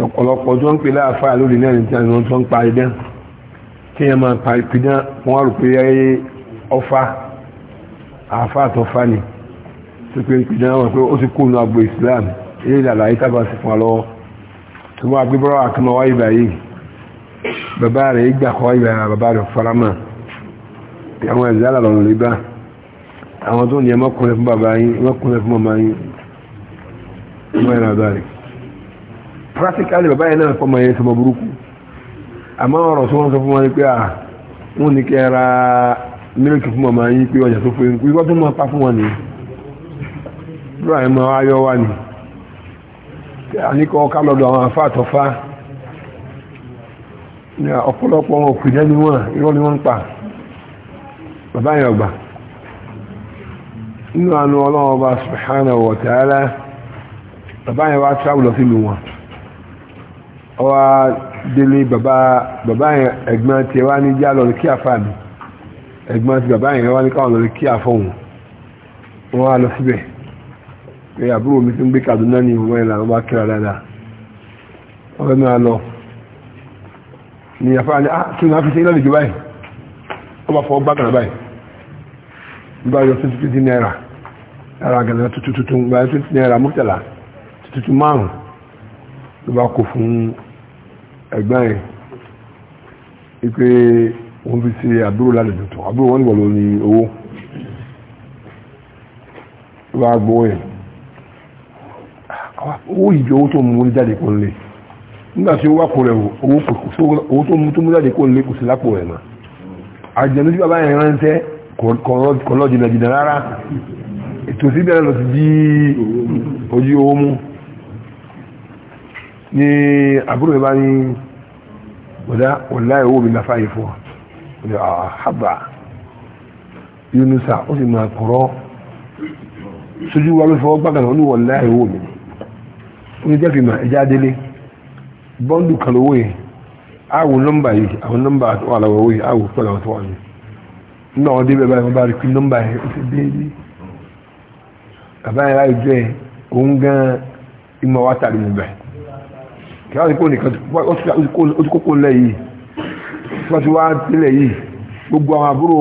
ọ̀pọ̀lọpọ̀ tó ń pè láàfáà lórí náà ní àwọn tó ń pa idán kí ẹ máa pa ìpidán wọ́n rò pé ayé ọfá àáfáà tó ni tó pé ìpidán wọn pé ó ti kó nu agbo Islam ilé ìlànà ayé tábà sí fún wa lọ́wọ́ tó wọ́n agbé bọ́rọ̀ àkàmọ́ wáyé báyìí bàbá rẹ̀ ìgbà kọ́ wáyé báyìí bàbá rẹ̀ farama àwọn ẹ̀dá lọ́rùn lè bá àwọn tó ní ẹ mọ́kùnrin fún bàbá yín mọ́kùnrin fún màmá yín wọ́n yẹn practically bàbá yẹn náà fọmọ yẹn sọmọ burúkú àmọ́ ọ̀rọ̀ tí wọ́n sọ fún wọn pé à ah, wọ́n ní kẹ́ ra mílíkì fún màmá yín pé ọjà tó fún yín wíwọ́n tó máa pa fún wọn ni lọ́wọ́ àyè máa wáyọ́ wá ni àníkọ́ ká lọ́dọ̀ àwọn afá àtọ́fá ọ̀pọ̀lọpọ̀ wọn òkè dání wọn irọ́ ni wọ́n ń pa bàbá yẹn ọgbà nínú àánú ọlọ́wọ́ bá subhanahu wa ta'ala bàbá yẹn wá travel lọ sílùú wọn wá délé bàbá bàbá yẹn ẹ̀gbọ́n tí wá ní já lọ kí àfà mi ẹ̀gbọ́n tí bàbá yẹn wá ní káwọn lọ kí àfọ̀hún wọ́n wá lọ síbẹ̀ pé àbúrò mi ti ń gbé Kaduna ní ìwọ̀n ẹ̀ làwọn bá kíra dáadáa wọ́n fẹ́ máa lọ ní àfà ní kí wọ́n á fi ṣe lọ́lẹ̀ jù báyìí wọ́n bá fọ́ gbákan báyìí nígbà yọ twenty twenty naira ara gàdá tuntun tuntun gba twenty naira mọ́tàlá tuntun márùn-ún ló bá kó fún ẹ̀gbọ́n ẹ̀ ipe wọ́n fi ṣe àbúrò lálejò tó àbúrò wọn níwọ̀n ló ní owó ló bá gbowó yẹn owó yìí jọ owó tó mú jáde kó lé nígbà tí ó wà kó rẹ̀ owó tó mú jáde kó lé kò sí lápò rẹ̀ mọ́ àjẹ̀nú tí bàbá yẹn ránṣẹ́ kọ̀ọ̀lọ́ jìnnà jìnnà rárá ètò síbẹ̀rẹ̀ lọ sí jí ojú owó mú. ni àbúrò ìbá ní bọ̀dá wọ̀láì owó mi láfáyé fún ọ̀dọ̀ àhábà ah, yunusa ó sì máa kọ̀rọ̀ sójú wa ló fọwọ́ gbàgbà ní wọ̀láì owó mi ó ní jẹ́fì mà ẹja délé bọ́ndù kan lówó yẹn àwò nọ́mbà yìí àwọn nọ́mbà wà láwọ̀ owó yìí àwò pẹ̀lú àwọn tó wà ní báyìí wọ́n bá rí ó láì jẹ́ òun gan ìmọ̀ wátàrí mi kí wọ́n ti kó nìkan ó ti kókó lẹ̀ yìí tí wọ́n ti wá sílẹ̀ yìí gbogbo àwọn àbúrò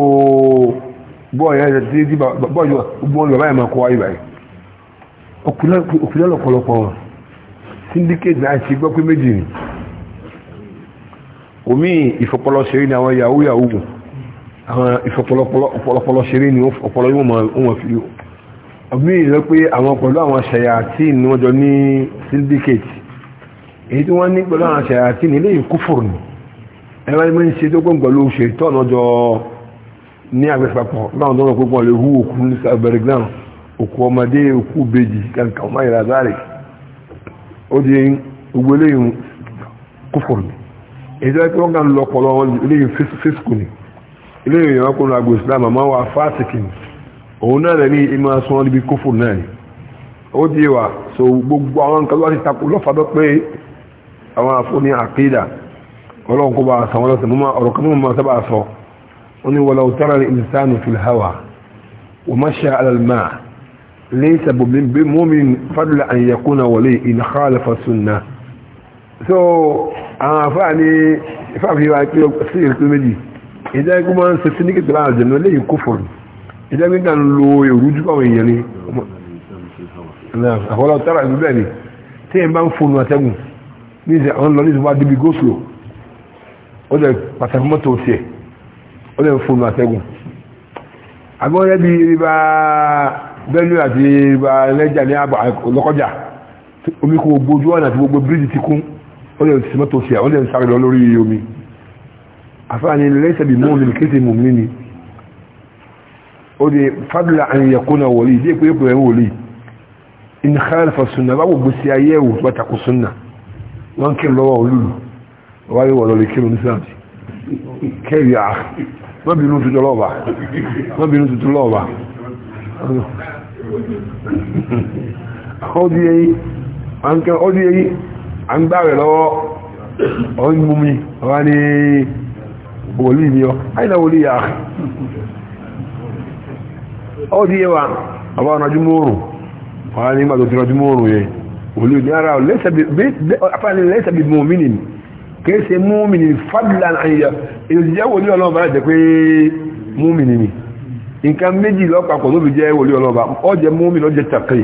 bọ́ọ̀ yẹn ti di bọ́ọ̀ yọ gbogbo wọn bàbá yẹn máa kó wáyé báyìí òkúlẹ̀ lọ́pọ̀lọpọ̀ wọn syndicate náà ti gbọ́ pé méjì ni omi ìfọpọlọ ṣeré ni àwọn yahoo yahoo àwọn ìfọpọlọpọlọ ṣeré ni ọpọlọ yóò máa fi omi ìlọ pé àwọn pẹ̀lú àwọn ṣẹ̀yà tí ìníwọ́jọ ní syndicate èyí tí wọ́n ní pẹ̀lú àwọn ṣàyàtì nílé ìkúfùrù ní ẹwà ní mẹ́rin ṣe tó gbọ́n pẹ̀lú ṣètọ́nà ọjọ́ ní àgbẹ̀sàpọ̀ láwọn tó rọ̀ pé wọ́n lè hú òkú ní sàbẹ̀rẹ̀ ground òkú ọmọdé òkú bèjì kankan ọmọ ìràzárì ó di gbogbo eléyìn kúfùrù ní èyí tí wọ́n kàn lọ pọ̀lọ́ eléyìn fíṣkù òun náà rẹ̀ ní ìmọ̀ asọ́ níbi kúfùrù náà ní ó di so gbogbo àwọn nǹkan lọ́wọ́ ti takò lọ́fàdọ́ pé àwọn afúnni àkídà ọlọ́run kó bá a sàn wọ́n lọ́sẹ̀ mọ́ ọ̀rọ̀ kan mọ́ sábà sọ wọ́n ni wọlé òtara ní ìsánu filhawa wọ́n má ṣe alalma ليس بمؤمن فضل أن يكون ولي إن خالف السنة so àwọn afá ní ìfàfi wa pé sí ìrìnkú méjì ìjẹ́ ikú máa ń se sí ní kìtìlá àjẹ̀nà lẹ́yìn kó fòrò ìjẹ́ gbígbà ń lo ìrújú tí ẹ̀ bá ń fòrò àtẹ́gùn ní ìsẹ̀ àwọn lọ ní ìsẹ̀ wá débi goslo ó lẹ̀ pàtàkì mọ́tò tiẹ̀ ó lẹ̀ fóònù àtẹ́gùn agbọ́nrẹ́ bí ríba benue àti ríba lẹ́jà ní àbọ̀ lọ́kọjà omi kò gbójú ọ̀nà àti gbogbo bíríjì ti kún ó lẹ̀ sí mọ́tò tiẹ̀ ó lẹ̀ sáré lọ lórí omi àfáàní lẹ́sẹ̀ bí mọ́ọ̀mí ní kéde mọ̀mí ni ó in khalafa sunna báwo gbèsè ayé ẹ̀wò pàtàkì sunna wọ́n kí lọ́wọ́ olúlu wáyé wọ̀ lọ́lẹ̀ kírun nísàmì kẹ́rì à wọ́n bínú tuntun lọ́ọ̀bà wọ́n bínú tuntun lọ́ọ̀bà ọdí èyí à ń gbáwẹ̀ lọ́wọ́ ọ̀hún mú mi wá ní wòlí ni ọ àìlà wòlí yà ọdí èwà àbá ọ̀nà jùmọ̀ òrùn wà ní ìgbàdọ̀ ọjọ́ òrùn yẹn olú ní ara apáni lẹ́sẹ̀ bí mọ́mìnì kìí ṣe mọ́mìnì fàbílà àyíyà ìrìnjẹ́ wòlí ọlọ́ọ̀bá láti pé mọ́mìnì ni nǹkan méjì lọ́pàpọ̀ ló fi jẹ́ wòlí ọlọ́ọ̀bá ọjẹ́ mọ́mìnì ọjẹ́ tàkì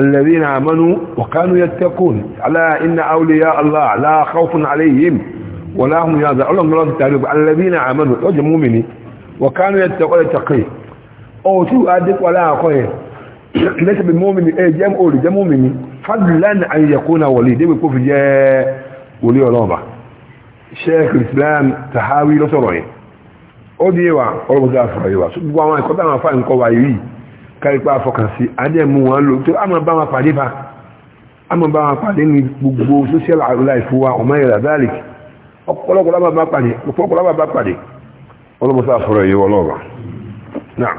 الذين آمنوا وكانوا يتقون ألا إن أولياء الله لا خوف عليهم ولا هم يحزنون اللهم لا تعلم الذين آمنوا وجموا مني وكانوا يتقون يتقي أو تو ولا أقوي lẹ́sẹ̀ bí mọ́mìnì ẹ jẹ́ òòrì jẹ́ mọ́mìnì fadlan an yakuna wòlíì débi kó fi jẹ́ wòlíì ọlọ́ọ̀bà sheikh islam tahawi lọ́sọ̀rọ̀ yẹn ó di yẹ wa ọlọ́mọdé àfọ̀rọ̀ yẹ wa gbogbo àwọn ẹ̀kọ́ táwọn afáà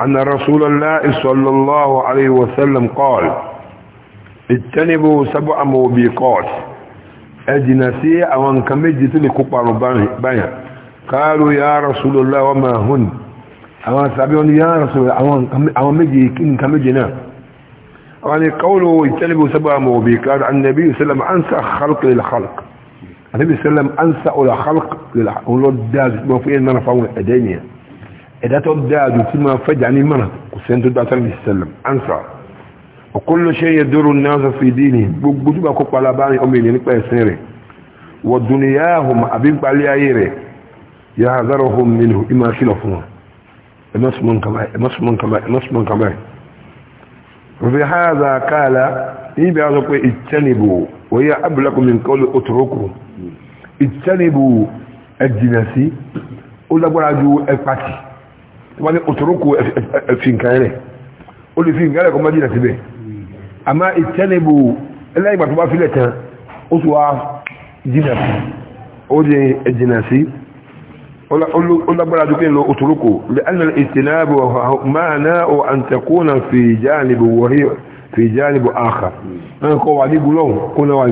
أن رسول الله صلى الله عليه وسلم قال اتنبوا سبع موبقات أجنسي أو أنكمج تلكبر بيا قالوا يا رسول الله وما هن أو سابعون يا رسول الله أو مجي كنكمجنا يعني قوله اتنبوا سبع موبقات عن النبي صلى الله عليه وسلم أنسى خلق للخلق النبي صلى الله عليه وسلم أنسى الخلق للخلق ولو داز ما فيه أن رفعون الدنيا إذا تبدأ جسما فجأة مرة كسنت البعثة عليه السلام أنسى وكل شيء يدور الناس في دينهم بجبا كوكو على باني أمي لنكبا يسيري ودنياهم أبين بالي أيري يحذرهم منه إما خلافهم إما سمن كباي إما سمن كباي إما سمن كباي وفي هذا قال إيبي أعزكم اجتنبوا وهي أبلغ من قول اتركوا اجتنبوا الجنسي ولا برادوا الباتي wọ́n ní òtòrókò ẹ̀fìnkàn rẹ̀ ó lè fi nǹkan rẹ̀ kọ́ mọ́ jìnà síbẹ̀ àmá ìtẹ́nibù ẹlẹ́gbà tó bá fílẹ̀ tán ó tó wá jìnà sí ó jẹ ẹ̀jìnà sí ó lágbára dúkẹ́ lọ òtòrókò lẹ́nà ìtẹ́nàbù máa náà ó àǹtẹ̀kónà fi jáànibù wọ̀rí fi jáànibù àkà náà kọ́ wà ní gulọ́ọ̀n kó náà wà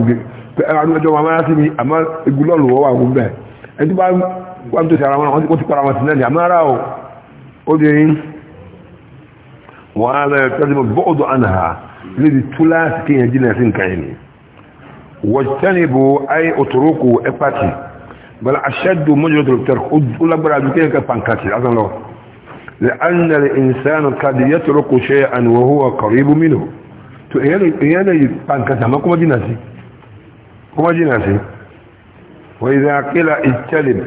ní ọjọ́ wọn máa sí ni àmá gulọ́ọ̀n wọ́n أدرين وهذا يتزم البعض عنها لذي الثلاث كي يجينا سن كعيني واجتنبوا أي أتركوا إباتي بل أشد مجرد الترك أدو لبرا دكين كالبانكاتي أظن الله لأن الإنسان قد يترك شيئا وهو قريب منه وإذا قيل اجتنب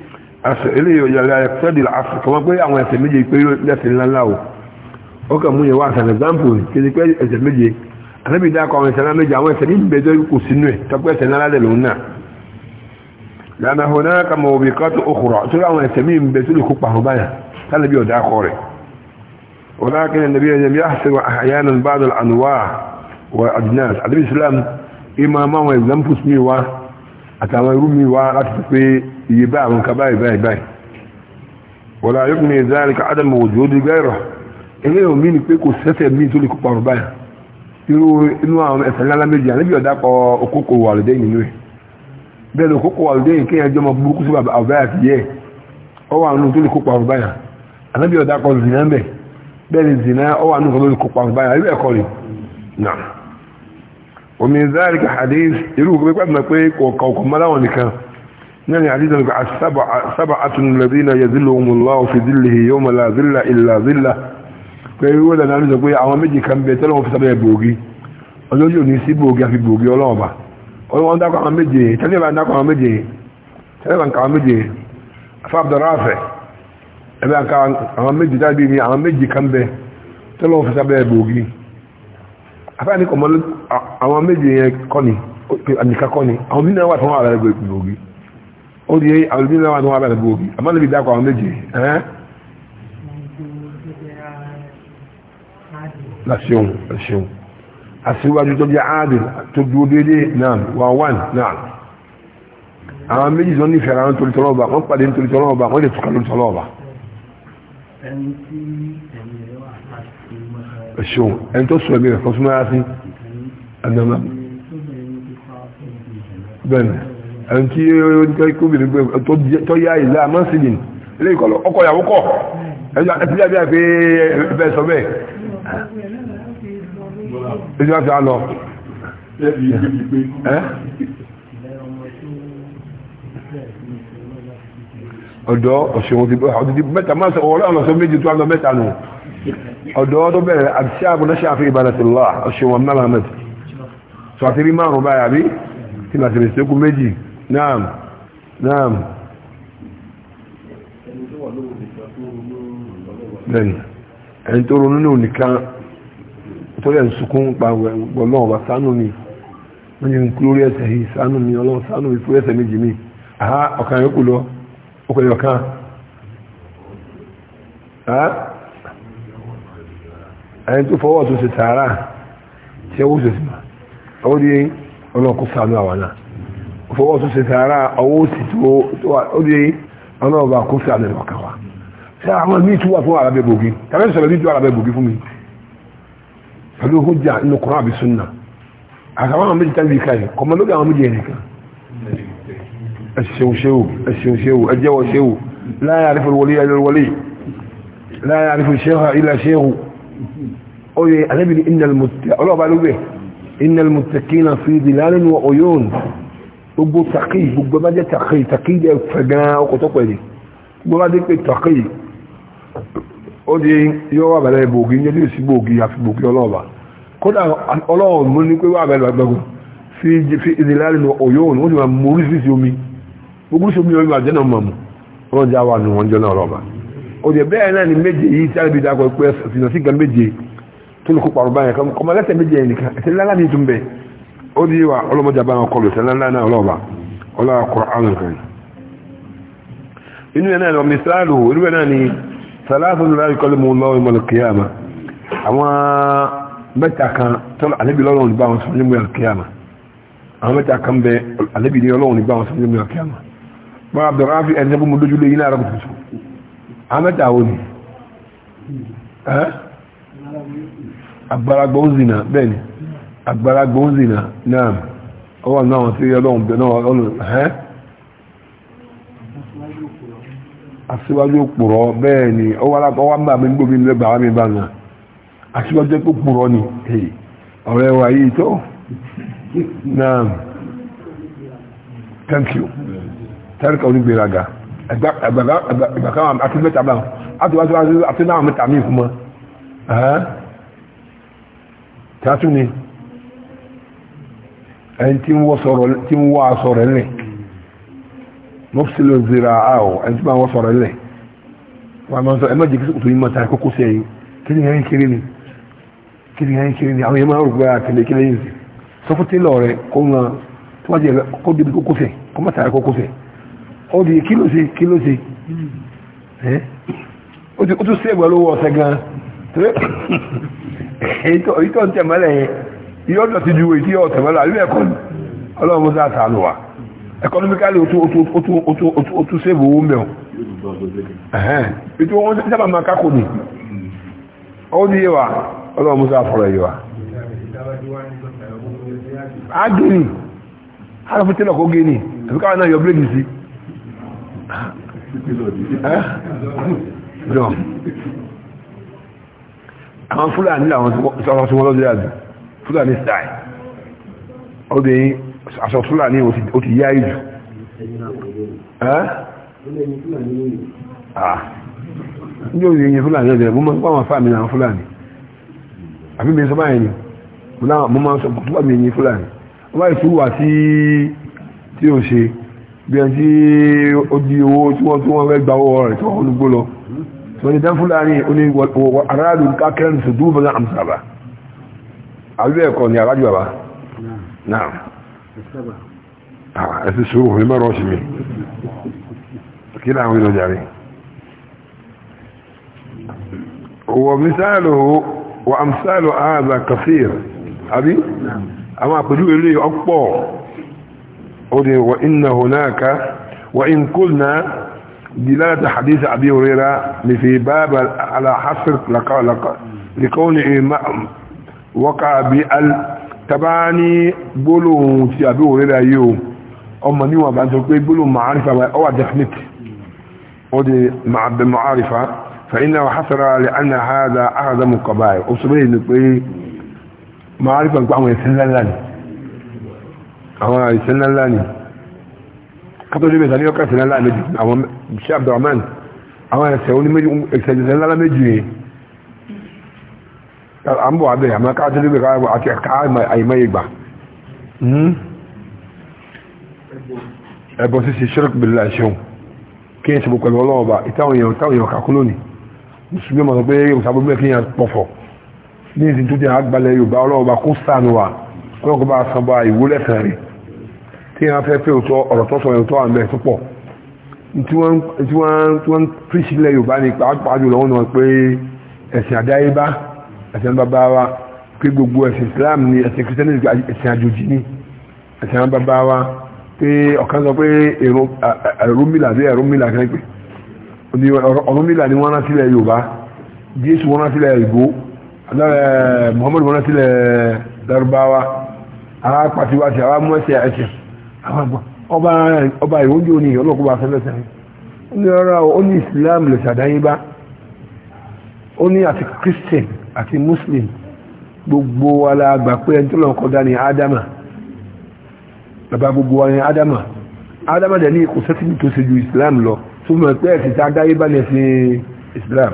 ẹsẹ̀ eléyìí ọ̀yàrá ẹ̀fẹ́dì àṣà kọ́mọ́ pé àwọn ẹsẹ̀ méje pé lẹ́sẹ̀ ńlá ńlá o ó kàn mú yẹn wá àṣà example kìí pé ẹsẹ̀ méje ànábì dákọ̀ àwọn ẹsẹ̀ ńlá méje àwọn ẹsẹ̀ ní ìbẹ̀jọ́ kò sínú ẹ̀ tọ́pẹ́ ẹsẹ̀ ńlá lẹ̀ lòun náà lànà hùnà kàmọ̀ òbí kọ́tù òkùrọ̀ sórí àwọn ẹsẹ̀ mí ìbẹ̀ tó lè kópa àwọn báyà tálẹ́bí ọ̀dà akọ rẹ̀ ولكن النبي لم يحصل احيانا بعض الانواع واجناس عليه السلام اماما ويزنفس ميوا atama irú mi wá láti sọ pé iye bá àwọn bai báyìí báyìí báyìí wọ́n láyé ní ìzáàrí ká di gẹ́rọ mi ni pé kò sẹ́sẹ̀ mi tó lè kópa ọ̀rọ̀ báyìí irú inú àwọn ẹ̀sẹ̀ ńlá méjì àníbi ọ̀dà pọ̀ òkókò wàlúdẹ́ yìí nínú ẹ̀ bẹ́ẹ̀ ni ọ ومن ذلك حديث يروه بقى ما كويك وكوكم ملاون كان يعني حديث السبعة سبعة الذين يذلهم الله في ذله يوم لا ذل إلا ذله ويقول أنا عايز أقول عوام مجي كان بيتلهم في سبع بوغي ọjọ́ yóò ní sí bòógì àfi bòógì ọlọ́run ọba ọlọ́run dákọ̀ àwọn méje tẹ́lẹ̀ bá dákọ̀ àwọn méje tẹ́lẹ̀ bá ń ka àwọn méje afábdọ̀ráfẹ̀ ẹ̀bẹ̀ àwọn méje dábìí ni àwọn méje kan bẹ tẹ́lẹ̀ wọn fi sábẹ́ bòógì afáàní kọ̀mọ́ àwọn méje yẹn kọ́ni àdìkà kọ́ni àwọn mí náà wà tó wọn àbẹ̀rẹ̀ gbòógì ó di àwọn mí náà wà tó wọn àbẹ̀rẹ̀ gbòógì àmọ́ níbi dákọ̀ àwọn méje ẹ́ lásìọ̀n lásìọ̀n aṣíwájú tó jẹ́ àádìl tó dúró dédé náà wà wàn náà àwọn méjì tó nífẹ̀ẹ́ àwọn torítọ́lọ́ọ̀bà wọ́n pàdé torítọ́lọ́ọ̀bà wọ́n lè túkà lórítọ́lọ́ọ̀bà ẹni tí ẹni ṣeun ẹni tó sọ ẹ̀mí rẹ̀ fọ́n súnmọ́ sí ẹ̀nàmọ́ bẹ́ẹ̀ni ẹni tí ó ní kóbìnrin gbé tó yá ìlà amásìlìn ilé ìkọlọ ọkọ̀ ìyàwó kọ̀ ẹ̀tí jáde àpé ẹ̀fẹ́ sọ bẹ́ẹ̀ ẹjọ́ àti àlọ́ ọ̀dọ́ ọ̀ṣẹ̀wọ̀n ti bọ́ àwọn ti mẹ́ta máa sọ ọ̀rọ̀ ọ̀lọ́sọ méjì tó àlọ́ mẹ́ta nù ọ̀dọ́ tó bẹ̀rẹ̀ àti àbúná ṣàfi ìbàdàtìlá ọ̀ṣẹ̀wọ̀n mahamad tó àti rí márùn báyà bí tí láti rẹ̀ síkú méjì naam naam ẹni tó ronú náà nìkan tó rẹ̀ ń sunkún pa gbọ́nà ọba sánú mi wọ́n yẹn ń kú lórí ẹsẹ̀ yìí sánú mi ọlọ́run sánú mi fún ẹsẹ̀ méjì mi àá ọ̀kan yókù lọ ọkọ̀ yọ̀kan ẹni tó fọwọ́ tó ṣe tààrà tí ẹwọ́ ṣe sí ma ọwọ́ di ọlọ́kùn sànú àwọn náà fọwọ́ tó ṣe tààrà ọwọ́ sì tó wà ó di ọlọ́ọ̀bà kó sànú ẹ̀rọ kàwà ṣe àwọn míì tó wà fún arábẹ́ bògì tàbí sọ̀rọ̀ bí ju arábẹ́ bògì fún mi pẹ̀lú ohun jà nínú kọ́rọ́ àbí súnà àtàwọn àwọn méjì tàbí ìkàyè kọmọlógún láyé àrífò wọlé ẹjọ́ wọlé láyé àrífò ṣeun ilẹ̀ ṣeun oye anabini innal muttaqina ọlọ́ọ̀bá ló wẹ̀ innal muttaqina fi dhilalin wa uyun gbogbo takí gbogbo bá jẹ́ takí takí jẹ́ fẹ̀gán ọkọ̀tọ́ pẹ̀lú gbogbo bá jẹ́ pé takí ó di yọ wà bẹ̀rẹ̀ bògì ní ẹjọ́ sí bògì àfi bògì ọlọ́ọ̀bá kódà ọlọ́ọ̀ mú ní pé wà bẹ̀rẹ̀ gbàgbọ́ fi dhilalin wa uyun ó ti máa mú oríṣiríṣi omi gbogbo oríṣi omi ọmọ àjẹ́ náà mọ̀ mọ́ ọlọ́jà wà nù wọ́n jọ náà ọlọ́ọ̀bá ó di bẹ́ẹ̀ náà ni méje yìí tí tó lè kó pàrọ̀ báyẹn kọmọ lẹ́sẹ̀ méjì ẹ̀ nìkan ẹ̀sẹ̀ ńlá ní ìtúnbẹ̀ ó di wa ọlọ́mọdé bá wọn kọlù ẹ̀sẹ̀ ńlá náà ọlọ́ọ̀bà ọlọ́wà kọ̀rọ̀ àwọn kan inú ẹ̀ náà lọ mísàlù inú ẹ̀ náà ni sàlásù ńlá ìkọlù mú lọ́wọ́ ìmọ̀lù kìyàmà àwọn mẹ́ta kan tọ́lọ̀ àlébì lọ́wọ́ ní bá wọn sọ́jú mú kìyàmà àwọn mẹ́ta kan bẹ àlébì ní ọlọ́wọ́ ní bá wọn sọ́jú mú kìyàmà bá abdùrọ̀ áfi ẹni tẹ́bù mú lójú lé yín lára kùtùtù àwọn mẹ́ta wo ni àgbàlagbà ó na bẹ́ẹ̀ni àgbàlagbà ó náà ó wà náà tí ọlọ́run bẹ̀ náà ọlọ́run ẹ́ aṣíwájú òpùrọ̀ bẹ́ẹ̀ ni ó òpùrọ̀ ni ọ̀rẹ́ tààtù ni ẹni tí ń wọ́ aṣọ rẹ̀ lẹ̀ mọ́fíṣẹ́lẹ̀ zira àwọ̀ ẹni tí máa wọ́ aṣọ rẹ̀ lẹ̀ wọ́n máa sọ ẹ má jẹ́ kí òtún yín máa ta kókó sí ẹ̀yìn kí ni ẹ̀yìn kiri ni kí ni ẹ̀yìn kiri ni àwọn yẹn máa rògbò àtẹlẹ ah, kí lẹ́yìn sí sọ fún tẹ́lọ̀ rẹ̀ kó ń ran tó wá jẹ́ kó débi kókó sẹ̀ kó má kókó sẹ̀ ó di kí ló ṣe kí ló ṣe ó tún sèwẹ̀ lówó ọ̀sẹ̀ gan-an èyí tó ń tẹ̀mọ́lẹ̀ yẹn yóò lọ sí ju èyí tí yóò tẹ̀mọ́lẹ̀ àlú ẹ̀kọ́ ni ọlọ́run mọ́sá sàánù wa economically o tún sèbò owó mẹ́ọ̀ ètò wọn sábà máa kákò ní ó ní wa ọlọ́run mọ́sá fọ́rọ̀ yìí wa a gé ni a lọ fún tẹ́lọ̀ kó gé ni àbíkáwà náà yọ bírèkì sí àwọn fúlàní làwọn sọ́wọ́ sí wọ́n lọ́dọ̀ yàzù fúlàní style obìnrin aṣọ fúlàní ó ti yá ìjù ní òyìn èyí fúlàní ọ̀dẹ̀ mú máa ń fàmì àwọn fúlàní àbí mi sọ báyìí ni mú máa ń sọ tó bá mi èyí fúlàní wọ́n bá ìtú wà sí tí ó ṣe bí ẹni tí ó di owó tí wọ́n fẹ́ gbà rẹ̀ tí wọ́n kọ́ wani dan fulani ne wa aradu ka kiran su duba na amsa ba alwe ko ne aradu ba na'am ah ese shuru ne maro shi mi kila wani jari هو مثاله وامثال هذا كثير ابي اما قدوا لي اكبر وان هناك وان قلنا دلالة حديث أبي هريرة لفي باب على حصر لكون إمام وقع بأل تبعني بلو تي أبي هريرة يوم أما نيوة بأنتقل بولو معارفة أو دفنك ودي مع بالمعارفة فإنه حصر لأن هذا أعظم القبائل أصبحي نقول معارفة نقول أما يسنن لاني أما يسنن لاني kátólì mẹ́ta ní ọkà ìṣẹ̀lẹ̀ ńlá méjì àwọn ṣe abdulrahman àwọn ẹ̀sẹ̀ ìṣẹ̀lẹ̀ ńlá méjì yẹn à ń bọ̀ abẹ́ àmọ́ kátólì mẹ́ta àti àìmọ́ ìgbà hmm? ẹ̀bọ̀ sísè ṣírk bìlá ṣeun kí n ṣe pẹ̀lú ọlọ́ọ̀bà ìtàwọn èèyàn táwọn èèyàn kàkú lónìí mùsùlùmí ọmọ sọ pé ìṣàbọ̀ bẹ́ẹ̀ kí n pọ̀fọ̀ ní ìsìn tó jẹ́ àgbàlẹ̀ Yorùbá ọlọ́ọ̀bà kó sànù wa kọ́ńkọ́ bá sanbọ̀ ìwúlẹ̀sẹ̀ rẹ̀ tí wọ́n fẹ́ fẹ́ òtọ́ ọ̀rọ̀ tọ́sọ̀ ẹ̀ tó wà ń bẹ̀ púpọ̀ tí wọ́n ń pírísì ilẹ̀ yorùbá ní pàápàá jùlọ wọn náà pé ẹ̀sìn àdáyébá ẹ̀sìn bàbá wa pé gbogbo ẹ̀sìn islam ni ẹ̀sìn kìrìsìtẹ́nì ẹ̀sìn àjòjì ni ẹ̀sìn bàbá wa pé ọ̀kan sọ pé ẹ̀rọmìlà bí ẹ̀rọmìlà kan pé ọ̀rọmìlà ni wọ́n rán sílẹ̀ yorùbá jésù wọ́n rán sílẹ̀ ìgbò eh, muhammadu wọ́n rán sílẹ̀ darúbáwá arápàtiwáṣẹ arámúẹsẹ ẹ̀sìn ọba ìwójú ni ọlọ́kọ̀ọ́bà fẹ́lẹ́sẹ̀ ó ní ọ̀rọ̀ ó ní Islam lè ṣàdáyébá ó ní àti Christian àti Muslim gbogbo wa la gbà pé ẹni tó lọ kọ́ dání bàbá gbogbo wa ni Ádámà Ádámà dẹ̀ ní kò sẹ́tìmì tó ṣe ju Islam lọ tó mọ̀ pé ẹ̀sìn tá adáyébá ni ẹ̀sìn Islam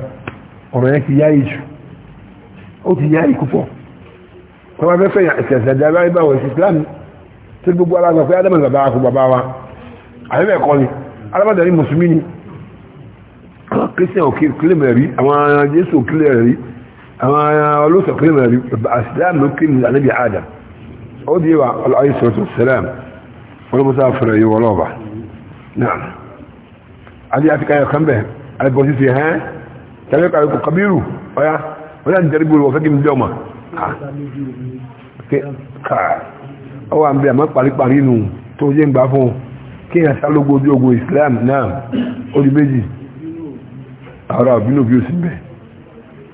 ọ̀rọ̀ yẹn ti yá ìjù ó ti yá ìkúpọ̀ wọ́n bá fẹ́ fẹ́ ẹ̀sìn àdáyébá wọ̀ ẹ̀sìn Islam tí gbogbo alágbà pé adamu bàbá wa kò bàbá wa àyẹ̀wò ẹ̀kọ́ ni alábàdà ni mùsùlùmí ni christian ò kílẹ̀ mẹ́rin rí àwọn jésù ò kílẹ̀ rẹ̀ rí àwọn olóòsàn kílẹ̀ mẹ́rin rí àsìlámù ló kílẹ̀ ànábì adam ó di wa aláyé sọ̀tọ̀ sẹ́lẹ̀m wọn mọ́sá fẹ́rẹ̀ yìí wọ́n lọ́ọ̀bà náà adé àti káyọ̀ kabiru ọ̀yá wọ́n yà ń jẹ́rìí gbòòrò wọ́n kí n dẹ́ ọmọ ah ọwà ń bẹ àmọ́ paríparí nù tó yé ń gbá fún kí èèyàn sálógún ojú ogun Islam náà ó di méjì ara ìbínú òbí òsì bẹ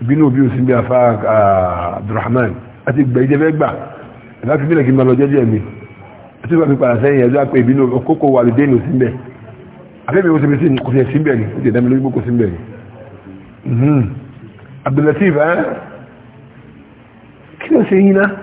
ìbínú òbí òsì bẹ afá Abdulrahman àti gbẹ ìjẹfẹ gbà ìbá fi mílẹ̀ kí n máa lọ jẹ́jẹ́ mi àti ìbá fi padà sẹ́yìn ẹjọ́ àpẹ ìbínú kókó wà lè dénú sí bẹ àbẹ́bẹ̀ ó sẹ́bẹ̀ sí kò sí ẹ̀sìn bẹ̀ ni ó ti ẹ̀dá mi lójú kò sí bẹ̀ ni mhm. Abdulatif ẹ́ kí ló ṣe yín náà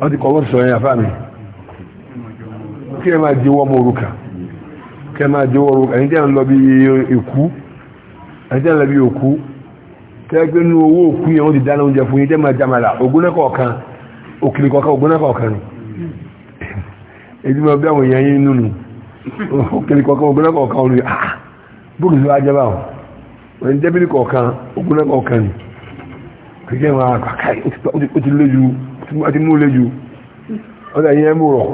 wọ́n ti kọ̀wọ́ sọ ẹ̀yà fáàmì kí ẹ máa jẹ́wọ́ ọmọ òrùka kí ẹ máa jẹ́wọ́ òrùka ẹni tí a ń lọ bí òkú ẹni tí a ń lọ bí òkú tẹ́gbẹ́ nínú owó òkú yẹn wọ́n ti dáná oúnjẹ fún yín tẹ́ máa jamala ògúnnákọ̀ kan òkìlì ni máa àti mú lé ju ọ̀dà yẹn mú rọ̀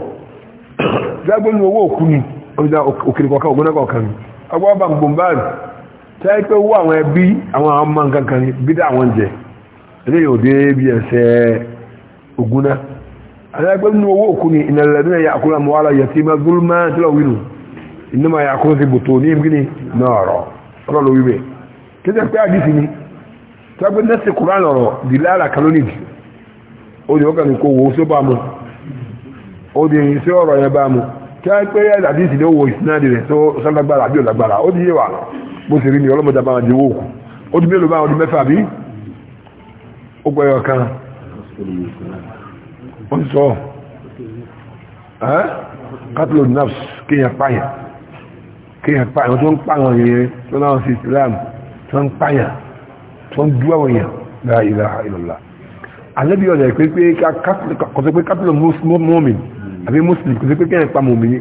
dágbó ní owó òkú ni ọ̀dà òkèrè kọ̀ọ̀kan ògbóná kọ̀ọ̀kan ni ọgbọ́n bá gbọ̀n báyìí tẹ́ pé owó àwọn ẹbí àwọn ọmọ nǹkan kan ni bídá àwọn jẹ ilé yóò dé bí ẹsẹ̀ ògbóná adágbó ní owó ni ìnàlẹ́dínlẹ̀ yà àkúrà mọ́ wàhálà yẹtí má zulmá tí lọ wínú ìnáma sí bòtò ní ibi ni ó di ọkàn ní kò wò ó só bá mu ó di èyí sí ọ̀rọ̀ yẹn bá mu kí á pé ẹ̀ àti ìsìlẹ̀ owó ìsinádì rẹ̀ tó sálágbára àbí ọ̀lágbára ó di yé wa bó ṣe rí ni ọlọ́mọdé bá di owó ó di mélòó bá wọn di mẹ́fà bí ó pẹ́ ọ̀kan ó ń sọ ẹ́ kátólò nafs kéèyàn pààyàn kéèyàn pààyàn tó ń pààyàn yẹn tó náà sí Islam tó ń pààyàn tó ń dúwàwọ̀ yẹn la anabi ọ̀nà ìpé pé kọ̀sọ̀ pé capital mọ́mìn àbí muslim kọ̀sọ̀ pé kéèyàn pa mọ́mìn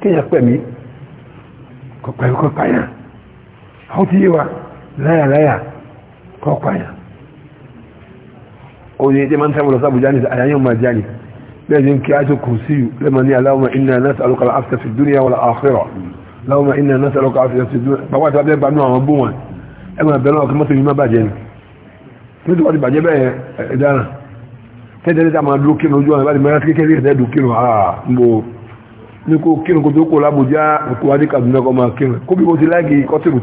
kéèyàn pẹ̀mí kọ̀pàyà àwọn tí yé wa láyàláyà kọ̀pàyà o ní ẹjẹ́ máa ń tẹ́wọ̀ lọ sábùjá ní àyàyàn máa jáde bẹ́ẹ̀ ni kí a tó kù sí lẹ́mọ̀ ní aláwọ̀mọ̀ iná náà sàlùkà áfíà fi dúnìyà wọ́n àfẹ́rọ̀ láwọ̀mọ̀ iná náà sàlùkà áfíà fi dúnìyà bàbá àti abẹ́ bá nú àwọn bó wọn ẹgbẹ̀rún ọkọ̀ mọ́tò yìí má bàjẹ́ ni nítorí wọ́n ti bàjẹ́ bẹ́ẹ̀ ẹ̀dára tẹ́tẹ́lẹ́ tá máa dúró kí lójú ọ̀nà láti mẹ́rin kékeré ẹ̀sẹ̀ dùn kí lọ àà ń bo ní kó kí lóko tó kó lábòjá òkú adé Kaduna kọ́ máa قالوا يا kó bí mo ti láàgì kọ́tìrù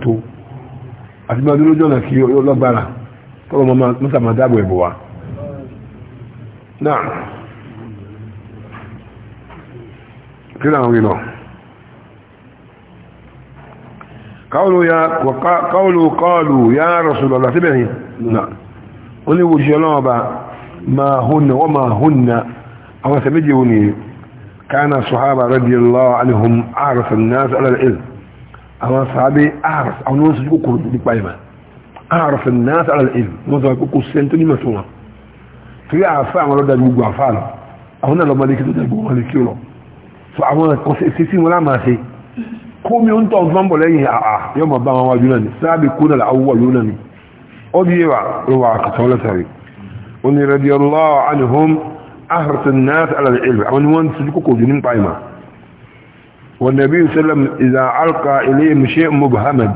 tó wọ́n lè wòjì ọlọ́wọ́ bá ma húnna wọ́n ma húnna àwọn sẹ méjì wọn ni kánà sọ́hábà radiyallahu anhum àrùsàn náà sí alàlẹ́l àwọn sàábé àrùsàn àwọn oṣù kò kúrò nípa ìmọ̀ àrùsàn náà sí alàlẹ́l wọ́n sọ pé kò sẹ́ni tó nímọ̀ tó wọn torí àfẹ́ àwọn kó mi ń tọ́ fún lẹ́yìn àà yọ́ mọ̀ bá wọn wájú náà ni sáábì kó náà làwọ̀ lónà ni أضيوا رواك ثلاثة وني رضي الله عنهم أهرت الناس على العلم وأن وان سلكوا جنين طائمة والنبي صلى الله عليه وسلم إذا ألقى إليهم شيء مبهما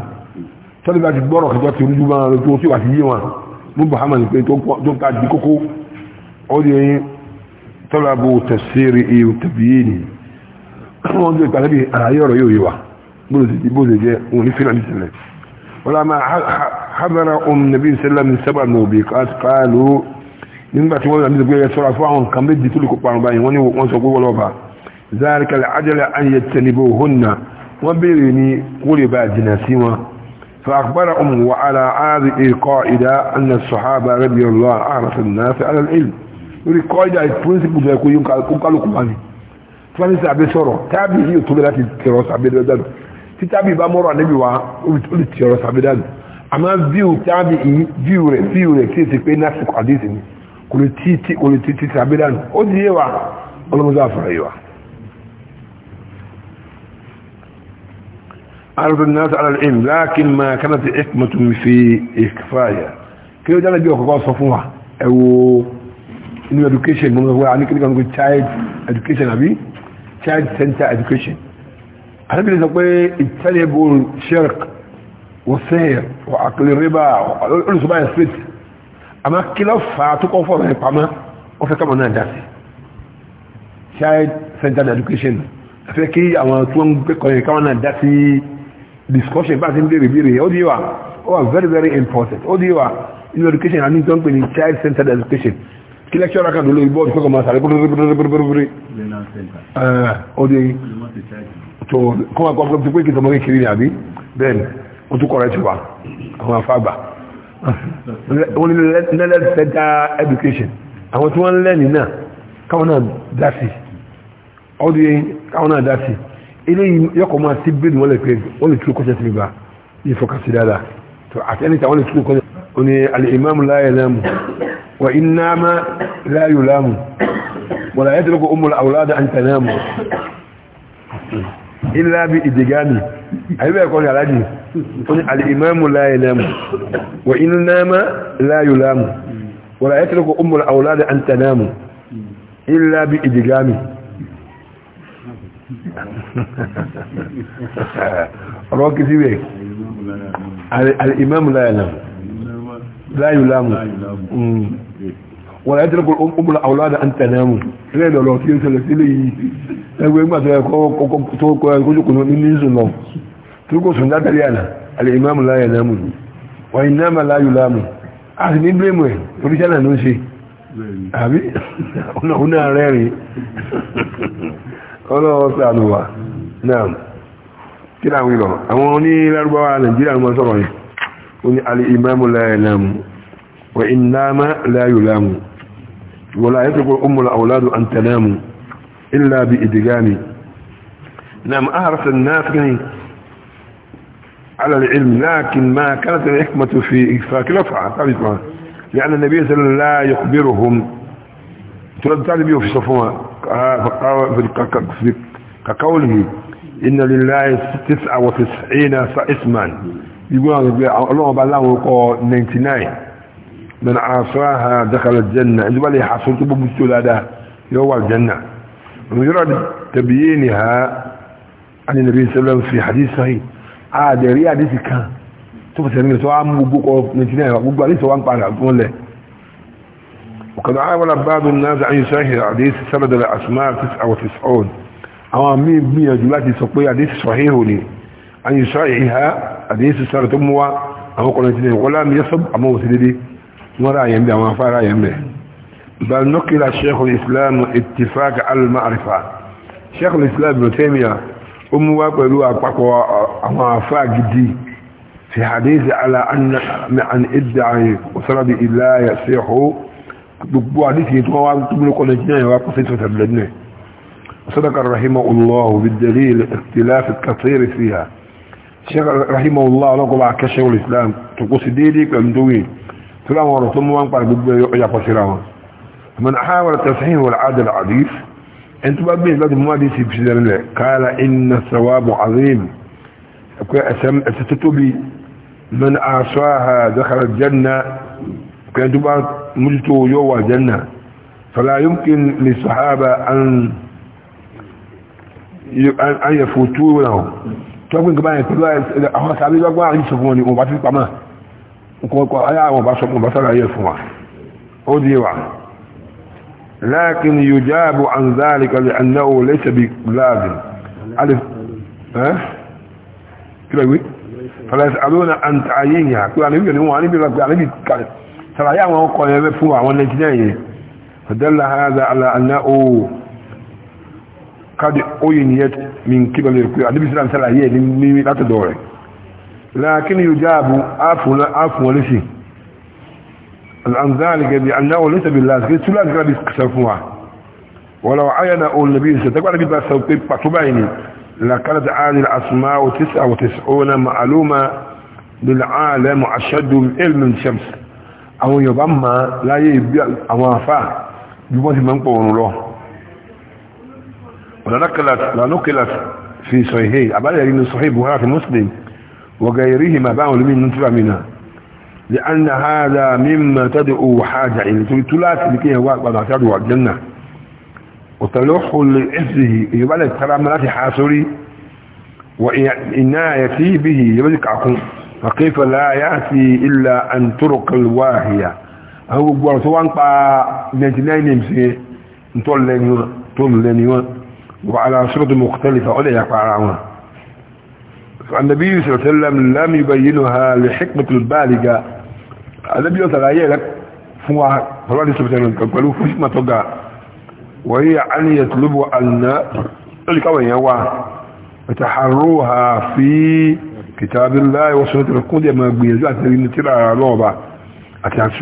صلى الله عليه وسلم بركة رجوما رجوسي وحسيما مبهما تبقى جديكوكو أضيوا طلبوا تفسيري وتبييني wọ́n jẹ́ ìpàdé bí àlàyé ọ̀rọ̀ yóò yíwa bó lè jẹ́ òun ní fílàní sílẹ̀ wọ́n lá máa حضر أم النبي صلى الله عليه وسلم سبع نوبيقات قالوا nígbà tí wọ́n rà nígbà yẹ sọ́ra fún àwọn nǹkan méjì tó lè kópa àrùn báyìí wọ́n ní wọ́n sọ gbogbo lọ́ba záàríkàlẹ̀ ajẹ́lẹ̀ ayẹ tẹnibó hónà wọ́n bèèrè ní wọ́n lè bá jìnà sí wọn fàkbára ọmọ wa ara ààrẹ ikọ̀ ìdá anna sọ̀hábà rẹ̀bí ọlọ́ àrẹ̀sẹ̀ náà fi alẹ́ lórí kọ́ ìdá ìpínsìpù tó kó kálukú wani tí wọ́n ní sọ̀rọ̀ tábì yìí ò tó lẹ́ láti tẹ̀rọ sàbẹ̀ àmọ́ víù tí a bí yìí víù rẹ̀ víù rẹ̀ tí èsì pé násìkò àdéhìsì ni kò lè tí tí kò lè tí tí tàbí dànù ó di yé wa ọlọ́mọdé àfọ̀rọ̀ yé wa. عرض الناس على العلم لكن ما كانت حكمة في إكفاية كيف جانا بيوكو قوة صفوها أو إنه education من هو يعني كده كنقول child education أبي child center education أنا بلي سأقول اجتنبوا الشرق òsèèr àkìlì rìbá olùsọ́bà yẹn street àmọ́ kílọ̀ fà á tó kọ́ fọ́ọ̀rọ̀ yẹn pamọ́ wọ́n fẹ́ káwọn náà dá sí child centered education fẹ́ kí àwọn tó ń gbẹ́kọ̀ọ́ yẹn káwọn náà dá discussion bá ti ń béèrè béèrè ó di wa ó wà very very important ó di wa inú education àní tó ń ní child centered education kí lecturer kan lórí bọ́ọ̀dù kọ́kọ́ máa sàrẹ́ pẹ́rẹ́pẹ́rẹ́pẹ́rẹ́ ó di tó kọ́ máa kọ́ pé kí tọmọ kékeré ni àbí bẹ́ẹ̀ ojúkọ̀ rẹ̀ ti wà àwọn afágbà wọ́n ní learned center education àwọn tí wọ́n lẹ́ni náà káwọn náà dá sí ọdún yẹn káwọn náà dá sí ilé yọkọ̀ máa ti bíi wọ́n lè pè wọ́n lè tún kọ́ṣẹ́ sí ibà yìí fọkàsí dáadáa tó àti ẹni tàwọn lè tún kọ́ṣẹ́ ó ní alìmọ́mù láyé láàmù wà iná má láyò láàmù wà láyé tó lọ́kọ̀ ọmọ àwòlá illa bi idigami ayibe ko ni alaji oni al imam la yalamu wa innama la yulamu wa la yatruku ummu al awlad an tanamu illa bi idigami roki sibe al imam la yalamu ولا يترك الأم الأولاد أن تناموا لا لا لا كيف سلسلي أقول ما تقول من سنة تقول سنة تليانا الإمام لا ينام وإنما لا يلام أحسن إبليم فريشانا نوشي أبي هنا هنا ريري الله سبحانه وتعالى نعم كده ويلو أموني لأربعة نجيلا المصرين الإمام لا ينام وإنما لا يلام ولا يدرك الأم الأولاد أن تناموا إلا بإدغام نعم أهرس الناس يعني على العلم لكن ما كانت الحكمة في إخفاك لفعة لأن النبي صلى الله عليه وسلم لا يخبرهم ترد تعلم في صفوة كقوله إن لله تسعة وتسعين فإسما يقول الله بالله 99 من عاصاها دخل الجنة انت بالي حصلت بمستول هذا يوى الجنة مجرد تبيينها عن النبي صلى الله عليه وسلم في حديث صحيح عاد ريا دي كان تو سنين سواء ام أو نتينا بوكو عليه سو قال قال ولا وقد عاول بعض الناس عن صحيح الحديث سرد الاسماء 99 او مين مين جلاتي سقوي حديث صحيح لي عن صحيحها حديث سرد مو او قلت ولا يصب امو سيدي ولا ينبع وفلا ينبع بل نقل الشيخ الإسلام اتفاق على المعرفة شيخ الإسلام ابن تيمية أم وقلوا أقوى وفا جدي في حديث على أن عن إدعى وسرد إلا يصيح gbogbo àdíkì tó wá túnmí kọ́ lẹ́jìnà yà wá pàṣẹ ìtọ́ta lẹ́jìnà sadaka rahimahullahu bi dalil ikhtilaf kathir fiha shaykh rahimahullahu lọ́kọ́ bá kẹ́ṣẹ́ islam tó kó sí déédéé pẹ̀lú tó wíyìn سلام ورسوم وان قال يا من حاول التصحيح والعدل العديث انت بقى لازم ما دي الله قال ان الثواب عظيم ستتبي من اعصاها دخل الجنه كان تبقى ملتو جوا الجنه فلا يمكن للصحابه ان ان يفوتوا لهم تقول كمان كل واحد اخوة صحابي بقى عايز يشوفوني وبعدين تمام nkọ̀ọ̀kọ̀ ayé àwọn ọba sọ́láyé fún wa ó di wa لكن يجاب عن ذلك لأنه ليس بلازم ألف ها كده يقول فلا يسألون عن تعيينها كل عن يبقى نمو عن يبقى عن يبقى سرعي عن وقع يبفوع عن الاجنائي فدل هذا على أنه قد أينيت من قبل الكل عن يبقى سرعي لا تدورك لكن يجاب عفوا عفوا لشي عن ذلك بأنه ليس بالله ليس لا بيكسفوها ولو عين أول النبي ستقول نبي بس بطبعيني لكانت عن الأسماء تسعة وتسعون معلومة للعالم أشد العلم من الشمس أو يضم لا يبيع أوافا يبوث من قول الله لا نقلت في صحيح أبدا يريد صحيح بها في مسلم وغيرهما بقى من نتبع منها لأن هذا مما تدعو حاجة إليه يعني تلات لكي يوضع تدعو الجنة وتلوح لإفزه يبقى لك ترى ملات حاسري وإنا يتي به يبدك عقل فكيف لا يأتي إلا أن ترق الواهية أو برسوان قا 99 يمسي نتول لنيوان وعلى صورة مختلفة يقع عنها النبي صلى الله عليه وسلم لم يبينها لحكمة البالغة النبي صلى الله عليه وسلم فوا فلان سبحانه قالوا فشما توقع وهي أن يطلب أن ذلك يوا وتحروها في كتاب الله وسنة القود ما بيزات من ترى لعبة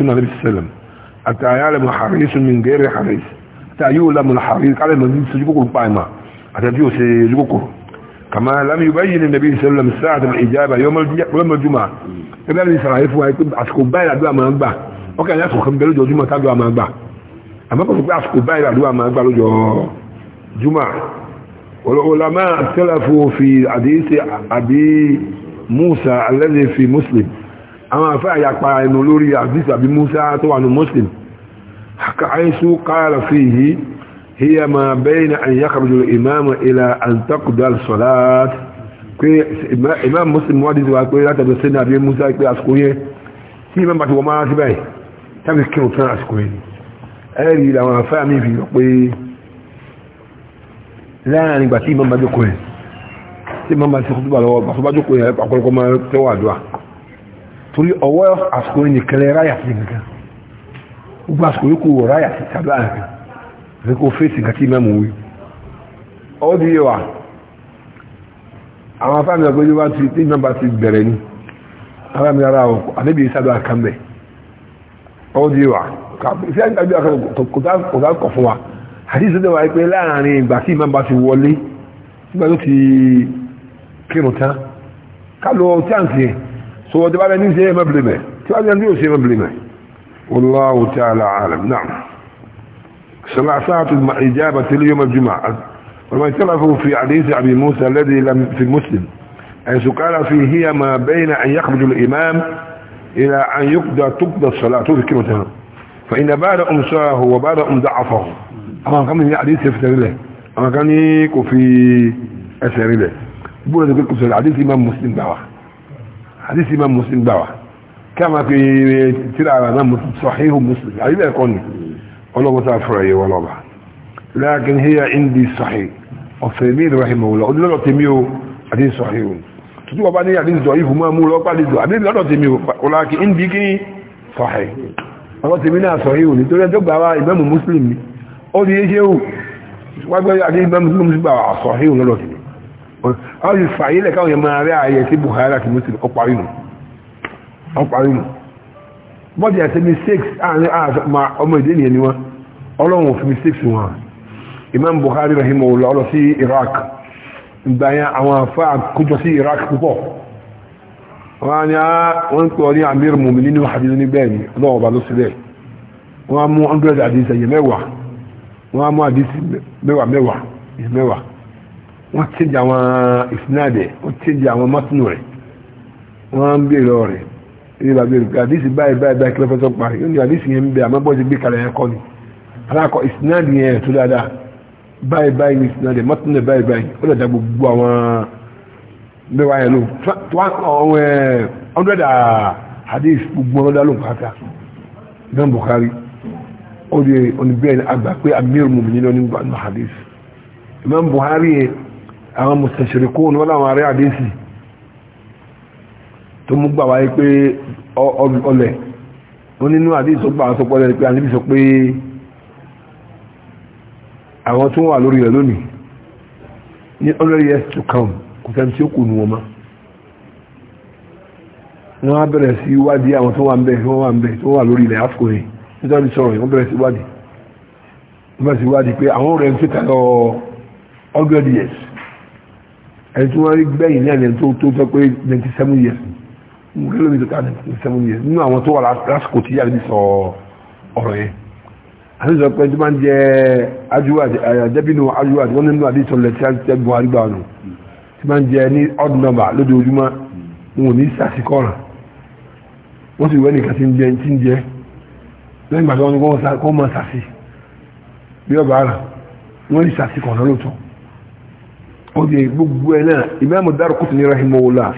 النبي صلى الله عليه وسلم أتى يعلم حريص من غير حريص أتى يعلم الحريص على من يسجبك القائمة أتى يسجبك القائمة كما لم يبين النبي صلى الله عليه وسلم ساعة الإجابة يوم الجمعة ẹgbẹ́ ní sàràyé fún wa pé àsìkò báyìí àdúrà máa ń gbà ọkà ní àsìkò kan bẹ lójọ júmọ̀ tàdúrà máa gbà àmọ́kọ̀ fún pé àsìkò báyìí àdúrà máa gbà lójọ júmọ̀ olùlàmà tẹ́lẹ̀fù fi àdéhìsẹ́ àbí Musa alẹ́lẹ́ fi Muslim àwọn afẹ́ àyàpá ẹnu lórí àdéhìsẹ́ àbí Musa tó wà ní Muslim àkàáyésù káàlà fi yìí هي ما بين أن يخرج الإمام إلى أن تقضى الصلاة إمام مسلم وادث وقال لا تبسلنا أبي موسى يقول أسكوية tí ìmọ̀ bàtí wọ́n máa ti báyìí tàbí kí o tán àsìkò yìí ẹ̀rí làwọn afẹ́mí fi pé láàrin ìgbà tí ìmọ̀ bá jókòó yẹn tí ìmọ̀ bá ti kú túbà lọ́wọ́ bàtí bá jókòó yẹn àkọ́kọ́ máa tẹ́wọ́ àdúrà torí ọwọ́ àsìkò yìí nìkan lẹ́ ráyà sí nìkan gbogbo àsìkò yìí kò ráyà sí tàbí àrùn ní kò fèsì kàkí mẹ́mù wí ó di yíwa àwọn afẹ́ àmì àgbẹ́jọ́ wá ti tí nọ́mbà ti bẹ̀rẹ̀ ní ara mi ara ọkọ̀ àdébì ìsádọ́ àkàmbẹ̀ ó di yíwa sí àgbẹ́jọ́ àkọ́kọ̀ fún wa àti ìsọ́dọ̀ wa pé láàrin ìgbà tí nọ́mbà ti wọlé nígbà tó ti kírun tán ká lọ táǹkì yẹn so wọ́n ti bá bẹ ní ṣe é mẹ́bìlì mẹ́ tí wọ́n ti bá bẹ ní ṣe é mẹ́bìlì mẹ́ والله تعالى عالم نعم ساعة الإجابة ليوم الجمعة وما اختلفوا في حديث أبي موسى الذي لم في المسلم حيث قال فيه هي ما بين أن يخرج الإمام إلى أن يقضى تقضى الصلاة في كلمة فإن بعد أمساه وبعد أم ضعفه أما كان في حديث يفتر له أما كان في أسر له بولا تقول لكم حديث إمام مسلم دعوة حديث إمام مسلم دعوة كما في على إمام مسلم صحيح مسلم حديث يقولني ọlọ́wọ́ tá a fura yẹ wọn lọ́ba láàkín hiya indi sahih ọ̀sẹ̀ mi rahimah wọlé ọdún lọ́dọ̀ tèmi o àti sahih o tutu bàbá ní àti zọ ìfún máa mú lọ́pàá lè zọ àbí lọ́dọ̀ tèmi o ọláàkín indi kí sahih ọlọ́ tèmi náà sahih o nítorí ẹjọ́ gbà wá ìmáàmù muslim ni ó di eṣe o wájú àti ìmáàmù muslim gbà wá sahih o lọ́dọ̀ tèmi àwọn ìfàyílẹ̀ káwọn yẹn máa rí ààyè sí Buhari àti muslim ọ̀pá bọ́dì àti mistakes àárín ah, ah, ah, ọmọ ìdí ènìyàn ni wọ́n ọlọ́run òfin mistakes wọn imam buhari rahimahullah ọlọ sí iraq ìgbà yẹn àwọn afá àkójọ sí iraq púpọ̀ ni a ń pọ̀ ní amir mumini ní hadith ní bẹ́ẹ̀ ni ọlọ́run ọba ló sí bẹ́ẹ̀ wọ́n mú ẹ̀yẹ mẹ́wàá mú mẹ́wàá mẹ́wàá ẹ̀yẹ mẹ́wàá àwọn ìsinadẹ̀ àwọn mọ́tínú rẹ̀ ní bàbá rẹ̀ àdísì báyìí báyìí báyìí kílọ́fẹ́ tó parí ó ní àdísì yẹn ń bẹ àmọ́ bọ́ọ̀sì gbé kalẹ̀ yẹn ni alákọ̀ ìsinádì yẹn tó dáadáa báyìí báyìí ní ìsinádì mọ́túnlẹ̀ báyìí báyìí ó dàda gbogbo àwọn mẹ́wàá ló ọ̀hún gbogbo ọ̀dà ló ń pàtà náà Bukhari ó di oníbẹ̀rẹ̀ àgbà pé amir mumini ní tó mú gbà wáyé pé ọlẹ̀ wọ́n nínú àdíjì tó gbà wọ́n sọpọ̀ lẹ́yìn pé àníbì sọ pé àwọn tó wà lórí rẹ̀ lónìí ní hundred years to come kò sẹ́ni tí ó kù nù wọn mọ́ wọ́n á bẹ̀rẹ̀ sí wádìí àwọn tó wà ń bẹ̀ tó wà ń bẹ̀ tó wà lórí ilẹ̀ àsìkò yìí nítorí sọ̀rọ̀ yìí wọ́n bẹ̀rẹ̀ sí wádìí wọ́n bẹ̀rẹ̀ sí wádìí pé àwọn rẹ̀ ń fi tayọ hundred years ẹni tí wọ́n rí gbẹ̀yìn ní ẹni tó tó fẹ́ pé ninety seven years ni mùkẹ́lẹ́ mi kàdé seven years nínú àwọn tó wà lásìkò tí yàrá mi sọ ọ̀rọ̀ yẹn àtúntò pé tó máa ń jẹ ajúwà eh, àjẹbínú ajúwà tí wọ́n nínú àdìsọ lẹ́tí àti Buhari gbà nù tí máa ń ní odd number lójoojúmọ́ wọn ò ní sàṣìkọ́ràn wọ́n sì wẹ́ nìkan tí ń jẹ tí ń jẹ lẹ́yìn ìgbà tí wọ́n ní kó máa sàṣì bí ọba àrà wọ́n ní sàṣìkọ̀ràn lóòótọ́ ó di gbogbo ẹ̀ náà Imam Daraqutni rahimahullah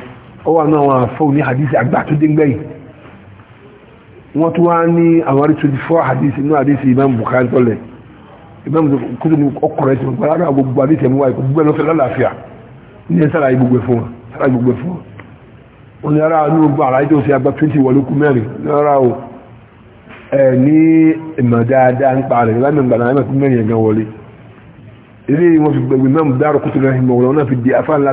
ó wà náà wọn àfọ́ ní hadith àgbà tó dé gbẹ̀yìn wọ́n tó wá ní àwọn arí 24 hadith inú hadith imam bukhari tọ́lẹ̀ imam kúrò ní ọkọ̀rẹ́ ti gbogbo ara gbogbo hadith ẹ̀mú wáyé gbogbo ẹ̀lọ́fẹ́ lálàáfíà ní ẹ̀ gbogbo fún wọn ni ara ní gbogbo ara ìjọsí agbá 20 wọlé kú mẹ́rin ní ara o ẹ̀ ní ìmọ̀ dáadáa ń pa rẹ̀ lámì ìgbà náà ẹ̀mẹ́kú mẹ́rin ẹ̀gán wọlé ilé wọn fi gbẹ̀gbẹ̀ imam dáàrọ̀ kútó náà ìmọ̀ wọn náà fi di afáàlá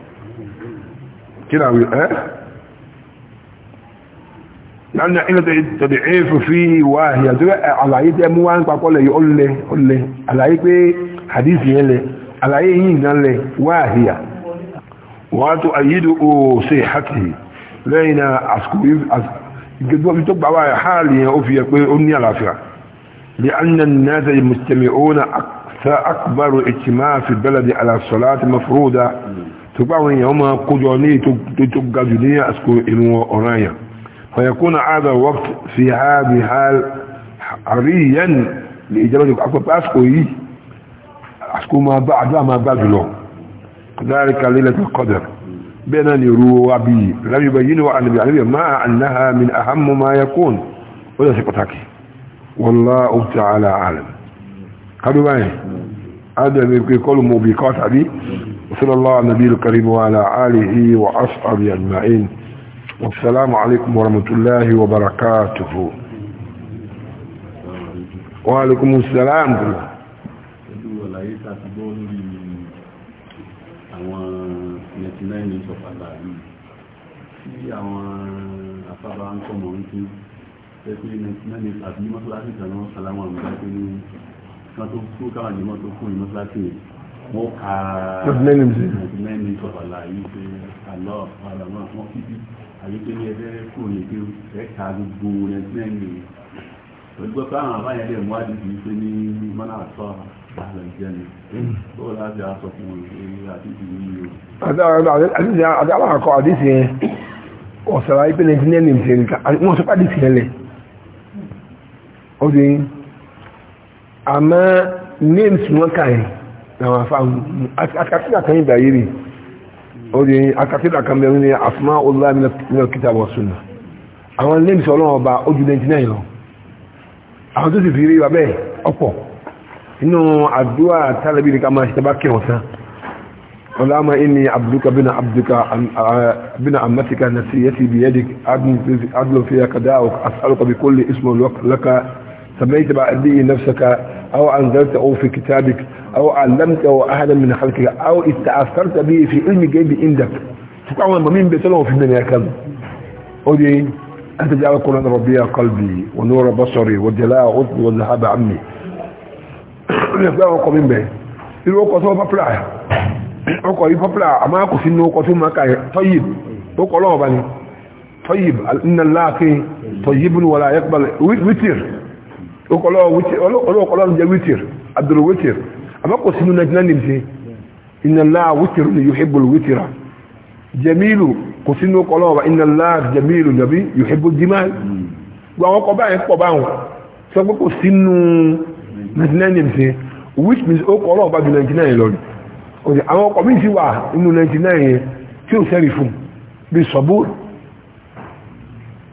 كده اه لأن إلى تضعيف فيه واهية àlàyé tẹ́ mú wá ń papọ̀ lẹ̀ yìí ọlẹ̀ ọlẹ̀ àlàyé pé hadith yẹn lẹ̀ àlàyé yìí náà lẹ̀ واهية wọ́n tó àyídò ó ṣe hàtì lẹ́yìn náà àsìkò ìgbẹ́gbọ́n tó gbà wá hàlì yẹn ó fi yẹ pé ó ní àlàáfíà لأن الناس المستمعون أكثر أكبر اجتماع في البلد على الصلاة مفروضة فيكون هذا الوقت في هذه الحال حريا لإجابة أكبر أسكو إيه أسكو ما بعد ما بعد له ذلك ليلة القدر بين نرو وبي لم يبينوا عن نبي النبي ما أنها من أهم ما يكون ولا ثقتك والله تعالى أعلم هذا ايه هذا يقول موبقات عليه وصلى الله على النبي الكريم وعلى آله وأصحابه أجمعين والسلام عليكم ورحمة الله وبركاته وعليكم السلام àfàbà ń kọ́ mọ̀ ń tí pẹ́pẹ́ mẹ́ni àbí mọ́sálásí ìtànà sàlámà ń bá pé ní kan tó kú káwà ní mọ́ tó kú ní mọ́sálásí yìí mo ka mẹ́rin tó bàlá yìí pé àlọ́ ọ̀pọ̀lọpọ̀ náà wọ́n fi bí àyíké ní ẹgbẹ́ kò ní pé ẹ̀ka gbogbo rẹ̀ mẹ́rin olùgbọ́ pé àwọn àbáyẹn lè mú àdìsí pé ní mọ́nà àtọ́ àlọ́ ìjẹni bóò láti aṣọ fún òye àdìsí yìí o. àti àwọn àkọ àdìsí yẹn ọ̀sàrà yìí pé ní ẹgbẹ́ ní ẹgbẹ́ akakida kan yi bayiri oye akakida kan bẹ̀rẹ̀ ní asma olúwa mílẹ̀ kitab wa sunna àwọn ilé ìṣọ́ ọlọ́wọ́ ọba ojú 99 lọ àwọn tó sì fi rí wa bẹ́ẹ̀ ọ̀pọ̀ inú àdúrà tálẹ́bí ní ká máa ṣe tẹ́bá kírun tán ọlọ́mọ inni abduka bina abduka bina amatika nasiyati biyadik adlu fiya أو أنزلته في كتابك أو علمته أحدا من خلقك أو استعثرت به في علم جيب عندك تقعوا من بيتلهم في الدنيا كذا ودي أنت جعل قرآن ربي قلبي ونور بصري وجلاء عضبي وذهاب عمي ìrìnàfẹ́ ọkọ̀ mi bẹ̀ irú ọkọ̀ tó pọ́pùlà ọkọ̀ yìí pọ́pùlà àmá kò sí ní ọkọ̀ tó máa kàí tọ́yìb ọkọ̀ lọ́wọ́ bá ní tọ́yìb innal láàkín tọ́yìbun wala yaqbal wítìr ọlọ́ọ̀kọ́lọ́ jẹ́ wítìr abdul wítìr àbákò sínú nàìjíríà ní ṣe ìnàlá wítìr ní yuhibbul wítìrà jamilu kò sínú ọkọlọ́ọ̀bá ìnàlá jamilu nàbí yuhibbul jimal gbọ́ àwọn ọkọ̀ báyìí pọ̀ báwọn sọ pé kò sínú nàìjíríà ní ṣe which means ó kọ́ ọlọ́ọ̀bá ju nàìjíríà yẹn lọ́rì àwọn ọkọ̀ mi sì wà nínú nàìjíríà yẹn tí ò sẹ́rì fún bí sọ́bù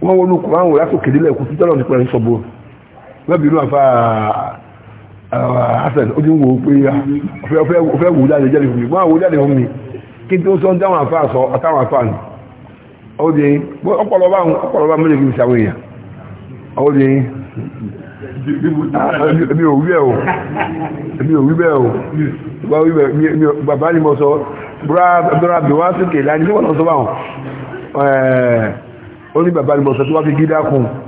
tọ́lọ̀ nípa ẹ̀ sọ́bù lọ́bìnú àfà hasan ó ti ń wo pé ah, ọ̀fẹ́ wù jáde jáde fún mi máa wù jáde fún mi kí n tó sọ dáwọn àfà sọ àtàwọn àfà nù ó di ọ̀pọ̀lọpọ̀ ọ̀pọ̀lọpọ̀ mẹ́lẹ̀ kí n ṣàwọn èèyàn ó di ah, mi ò wíbẹ̀ o mi ò wíbẹ̀ o bá wíbẹ̀ bàbá ni mo sọ búra bí wá sókè láti ní wọ́n lọ sọ báwọn ó ní bàbá ni mo sọ tí wọ́n fi gídá kún un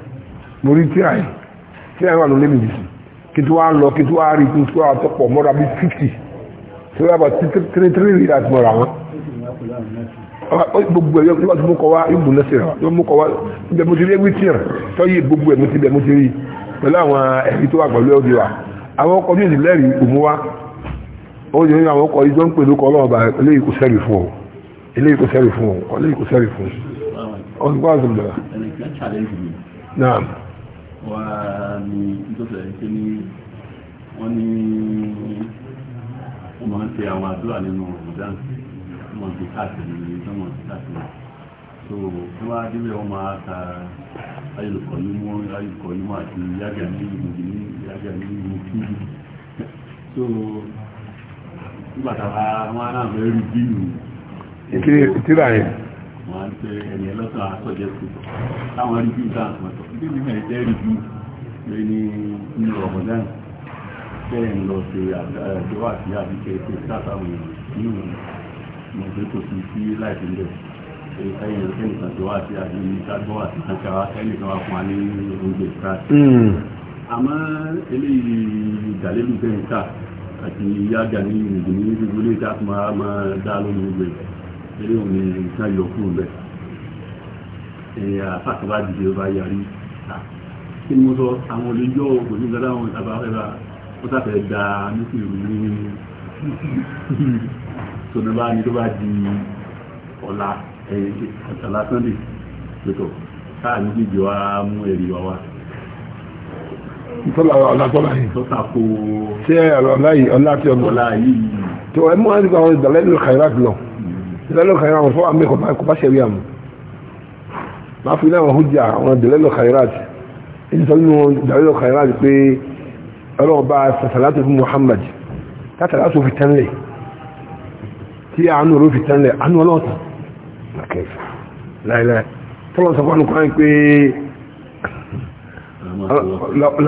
mo rí tíra yìí tíra yìí wà lórí mi jìsì kí tó wá lọ kí tó wá rí kí tó wá tọpọ̀ mọ́ra bí fifty tó yàgbà tírí tírí rí láti mọ́ra wọn. gbogbo ẹ̀ yóò tún mú kọ wá yóò bùn lẹ́sẹ̀ rẹ̀ yóò mú kọ wá ibẹ̀ mo ti rí ewì tíra tọ́yì gbogbo ẹ̀ mo ti bẹ̀ mo ti rí pẹ̀lú àwọn ẹ̀rí tó wà pẹ̀lú ẹ̀ òdi wa àwọn ọkọ̀ mi ìlẹ́rìí òmú wa ó yẹ àwọn ọkọ̀ ìjọ ń pè lóko ọlọ́ọ̀bà eléyìí kò sẹ́rì fún ọ eléyìí kò sẹ́rì fún ọ eléyìí kò sẹ́rì fún ọ. ọ̀sùn kó àzùmọ̀ náà wá ní ìtòsílẹ̀ ní pé ní wọ́n ní wọ́n máa ń ṣe àwọn àdúrà nínú Ramadan wọ́n máa ń ṣe káàkiri ní ìjọ wọn ṣe káàkiri so wọ́n wá débẹ̀ wọ́n máa ta ayélujọ ní mọ́ ayélujọ ní mọ́ àti yága ní ìmọ̀jì ní yága ní ìmọ̀jì so nígbà táwa wọn náà fẹ́ rí bílù ìkíni ìtìrà yẹn wọ́n á ń tẹ ẹ̀yìn ẹlọ́sàn àtọ̀jẹ́sì táwọn rí bílù táwọn sọ̀tọ̀ kí ni náà jẹ́ rí ju pé ní inú Ramadan bẹ́ẹ̀ ń lọ ṣe àdúrà sí àbíkẹ́ pé látàwọn èèyàn nínú mọ̀ pé kò sí sí láìpẹ́ ń bẹ̀ ẹ̀yìn rẹ̀ kẹ́yìn àdúrà sí àbíkẹ́ ìtagbọ́ àti àkàrà ẹ̀yìn kan wà fún wa ní oúnjẹ ìta hmm. àmọ́ eléyìí ìdàlélù bẹ́ẹ̀ ń ta àti yága ní ìrìnàjò ní gbogbo ilé ìta tó máa máa dá lórí gbogbo ẹ̀ eléyìí ò ní ìta yọ kúrò bẹ́ẹ̀ àfàkàbà dìde ọba kí ni mo sọ àwọn olójó kò ní gbọdọ̀ àwọn ìtàbà ẹ̀rà ó sàfẹ́ da nípa ìrù ní tòun bá ní tó bá di ọ̀la ọ̀la sunday pẹ̀tọ̀ káà ní jíjẹ wa mú ẹ̀rí wa wá. Ìtọ́lá ọ̀la tọ́lá yìí. Tọ́ta kó. Ṣé ọ̀la yìí ọ̀la ti ọ̀gbọ̀n? Ọ̀la yìí. Tó ẹ mú àdìgbà àwọn ìdàlẹ́ nínú kàìrà lọ. Mm. àmì kò bá ṣe àmì. Máa fi náà wọn àwọn ìdàlẹ́ kàìrà ti ìsọ nínú ìdàrílọ̀ kàrírà rí pé ọlọ́ọ̀bá sàtàlátò fún Muhammad látàlátò fi tẹ́lẹ̀ tí àánú ró fi tẹ́lẹ̀ àánú ọlọ́ọ̀tàn lákẹ́ẹ̀fẹ́ láìláì tọ́lọ̀ sọ fọ́nù kan pé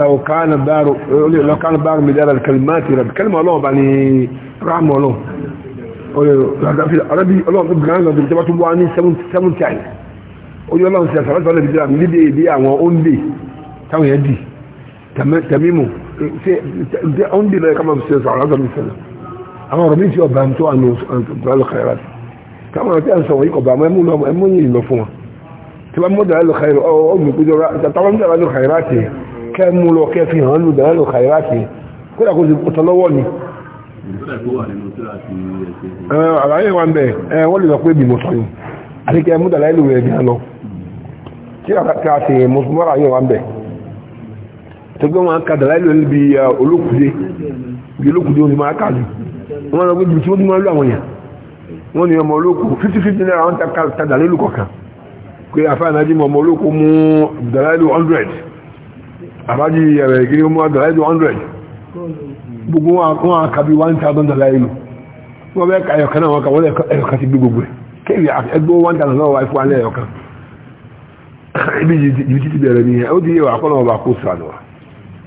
lọ́kàánà báàrù mìdára kalmáti rẹ̀ kalmà ọlọ́ọ̀bá ni ráàmù ọlọ́ọ̀ ọlọ́ọ̀bá táwọn yẹn dì tẹ̀mímù ọ̀n dì lọ́yẹ̀ káma ṣe sọ̀rọ̀ lọ́dọ̀ mi sẹ́lẹ̀ àwọn ọ̀rọ̀ mi ti ọba tó àná ọ̀dọ̀ kẹrẹ táwọn ọ̀rọ̀ tí a ń sọ̀rọ̀ yìí kọ̀ bá ẹmú yìí lọ fún wọn tí wọ́n mú dàlọ́ kẹrẹ ọ̀gbìn kújọ táwọn dàlọ́ kẹrẹ ti kẹ́ mú lọ kẹ́ fi hàn lù dàlọ́ kẹrẹ ti kódà kó ti tọ́ lọ́wọ́ ni. àlàyé wa ń bẹ̀ wọ́n lè lọ pé bí mo sọ àti kẹ́ mú dàlọ́ kẹrẹ ti hàn lọ tí a ti mú mọ́ra wa ń tẹgbẹ́ wọn ká dàlá ìlú ẹni bí uh, olókùdé bí olókùdé wọn ti máa ká lù wọn lọ pé jù tí wọn ti máa lù àwọn yẹn wọn ni ọmọ olókù fifty fifty naira wọn ta dàlá ìlú kọ̀ọ̀kan pé afáànájí mọ ọmọ olókù mú dàlá ìlú hundred àbájí ẹ̀rẹ̀ uh, ìkíni mú dàlá ìlú hundred gbogbo wọn ká bí one thousand dàlá ìlú wọ́n bẹ́ẹ̀ ka ẹ̀yọ̀kan náà wọn kà wọ́n ẹ̀yọ̀kan ti gbé gbogbo ẹ̀ kéwì ẹgbẹ́ one thousand náà wà fún alẹ́ ẹ̀yọ̀kan ibi jìbìtì ti bẹ̀rẹ̀ nìyẹn ó di yẹ wà kọ́ náà wà kó sànù wa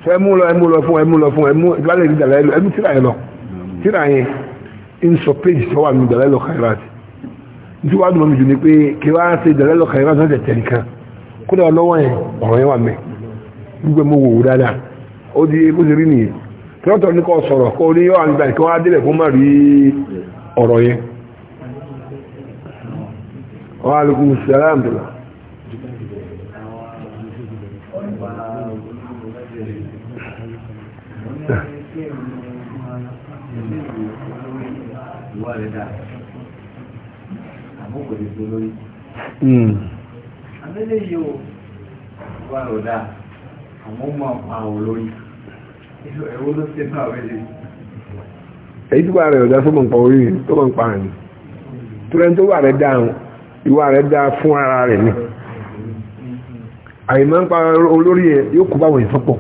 so ẹ mú lọ ẹ mú lọ fún ẹ mú lọ fún ẹ mú ìgbàlẹ̀ ní dàlẹ́ lọ ẹ mú tíra yẹn lọ tíra yẹn ń sọ péjì tó wà ní dàlẹ́ lọ kàìláàtì wa wàá dùnmọ́ mi jù ní pé kí wàá ṣe dàlẹ́ lọ kàìláàtì náà tẹ̀lé kan kódà ọlọ́wọ́ yẹn ọ̀rọ̀ yẹn wà mẹ́ gbígbé mo wò ó dáadáa ni. di bó ṣe rí nìyẹn tọ́tọ̀ ní kò sọ̀rọ̀ kó ní yọ àgbà kí wàá délẹ̀ kó má rí ọ̀rọ̀ yẹn. wa àmẹ́lẹ́ èyí tí wà rẹ̀ ọ̀dá tó mọ̀ orí tó mọ̀ ń pa àrùn tó tó wà rẹ̀ dá ìwà rẹ̀ dá fún ara rẹ̀ ni àìmọ́ ń pa olórí yóò kó báwọn ìfọ́pọ̀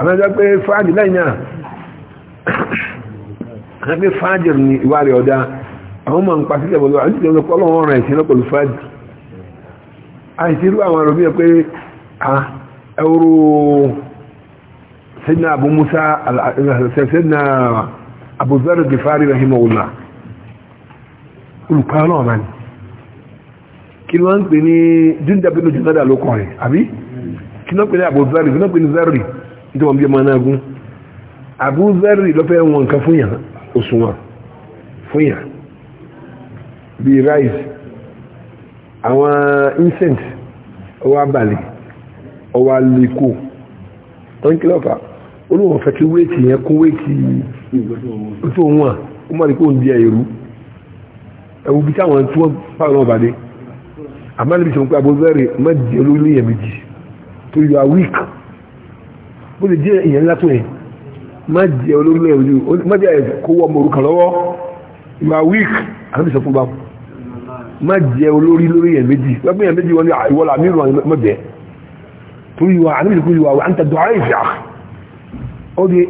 àmẹ́jọ́ pé fáàdì lẹ́yìn náà àmẹ́ pé fáàdì ní ìwà rẹ̀ ọ̀dá àwọn ọmọ nǹkan sílẹ̀ pẹ̀lú àti ìjọba pọ̀ lọ́wọ́ ọ̀rọ̀ ìṣẹ́ pẹ̀lú fáàdì àìsí irú àwọn ọ̀rọ̀ bíi pé ẹwúrú sẹ́dínà Abu Musa sẹ́dínà Abu Zarr Gifari rahimahullah olùkọ́ ọlọ́ọ̀mà ni kí ni wọ́n ń pè ní jíjẹ́ pẹ̀lú jùlọ lókọ̀ rẹ̀ àbí kí ni wọ́n pè ní Abu kí ni wọ́n pè ní Zarr nítorí wọn bí ọmọ náà gún àbúzẹ́rì lọ́fẹ́ wọn nǹkan fún yàn òṣùwọ̀n fún yàn bíi rice àwọn incense ọwọ́ abalẹ̀ ọwọ́ alẹ́kò tó ń kí lọ́fà olóòwò fẹ́ kí wéètì yẹn kún wéètì tó wọn ó mọ̀ ní kó ń di ẹ̀rú ẹ̀wù bí táwọn tí wọ́n bá wọn bàdé àmọ́ níbi tí wọ́n pẹ́ àbúzẹ́rì mẹ́jì olóyè méjì tó yọ a week bó lè jẹ́ èèyàn ńlá tó yẹn má jẹ́ olórí náà ojú má jẹ́ kówó ọmọ òrukàn lọ́wọ́ ìwà wíìk àbí sọ fún bá má jẹ́ olórí lórí èèyàn méjì wọ́n pín èèyàn méjì wọn ni ah, ìwọ làmì ìrọ̀ mọ́jẹ́ torí wa àbí sọ fún ìwà àǹtà dọ̀